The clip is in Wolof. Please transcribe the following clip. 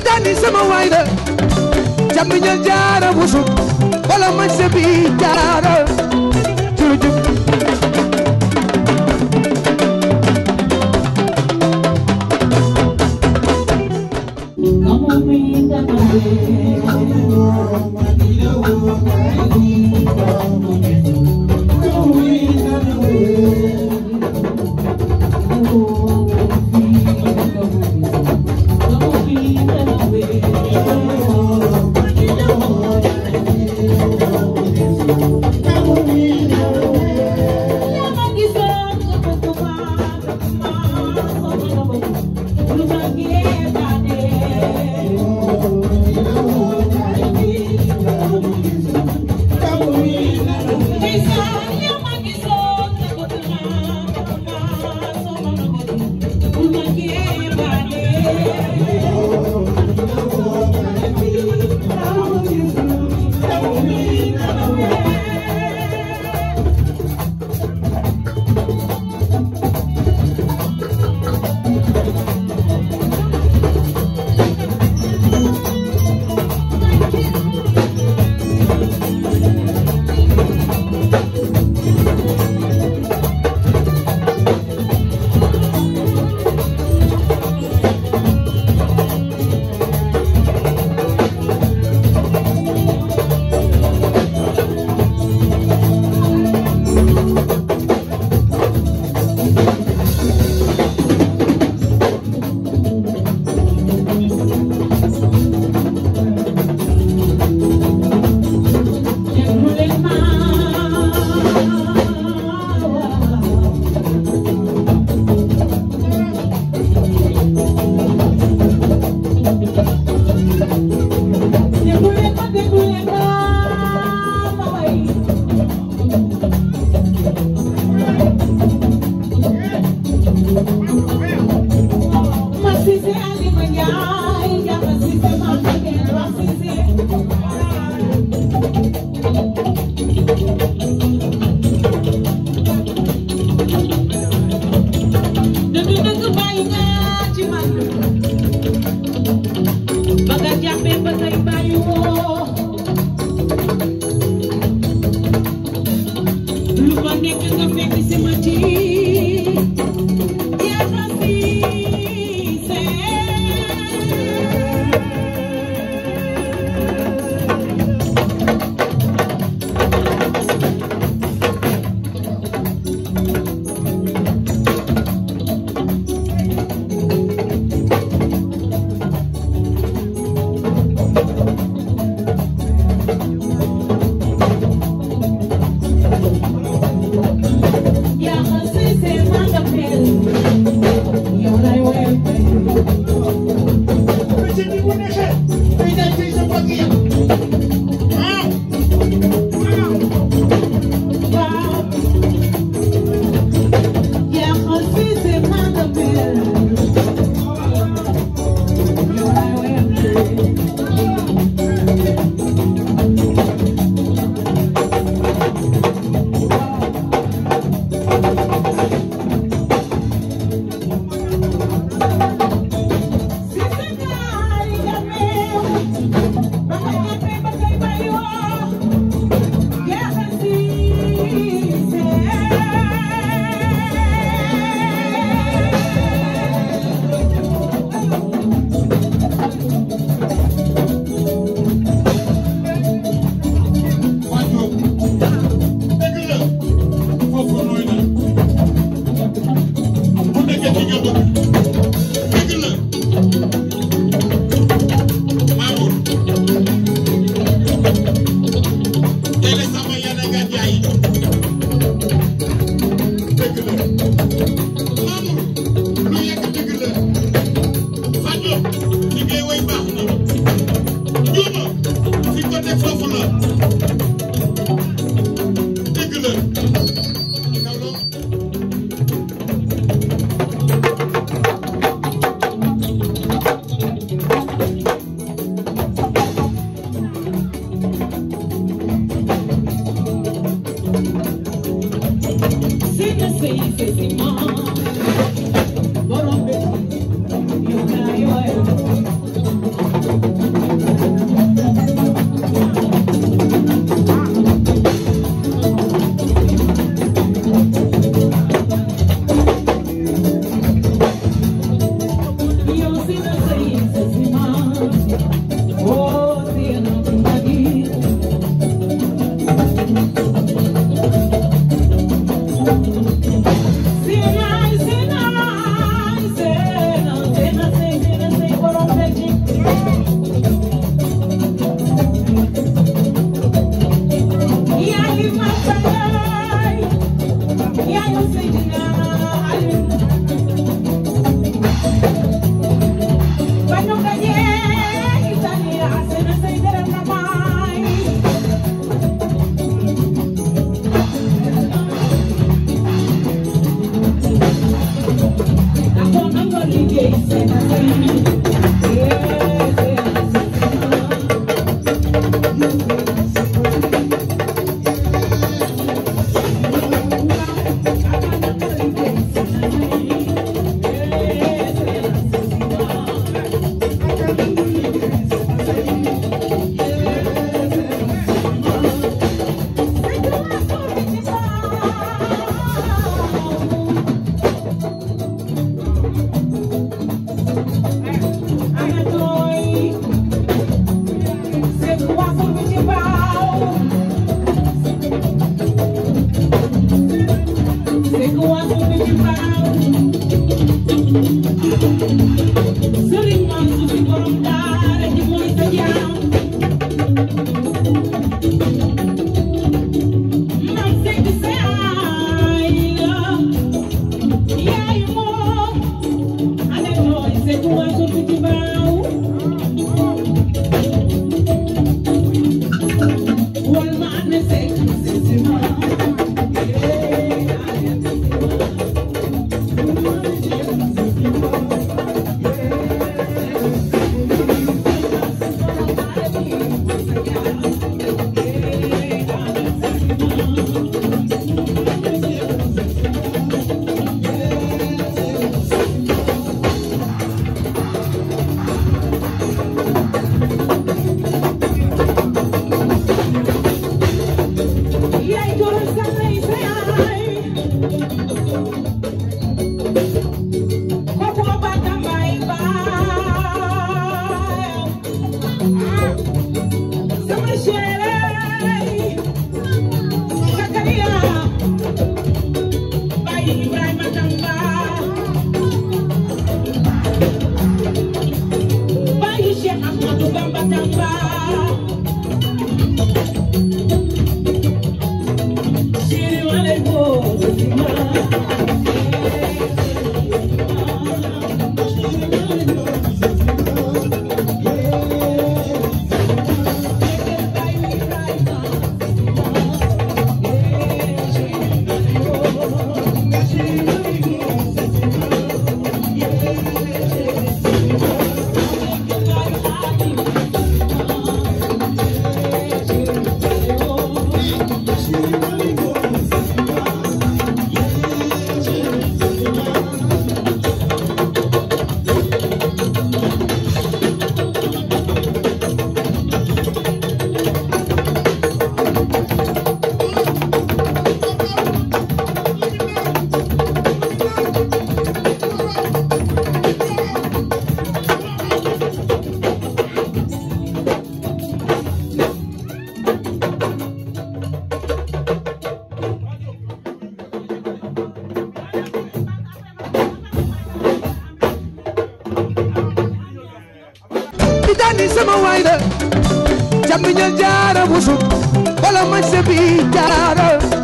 Mauritanie sama waay la jàmm ñal jaara busuk wala man se bi jaara jurujub Thank you. Thank you. Madamba di sama waay da jàmmiñal jaara busum bala mañ se bi jaara